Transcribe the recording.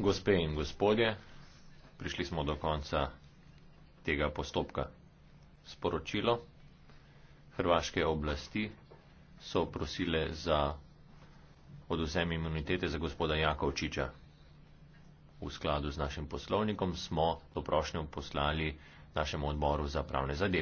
Gospe in gospodje, prišli smo do konca tega postopka. Sporočilo. Hrvaške oblasti so prosile za odvzem imunitete za gospoda Jakovčiča. V skladu z našim poslovnikom smo to prošnjo poslali našemu odboru za pravne zadeve.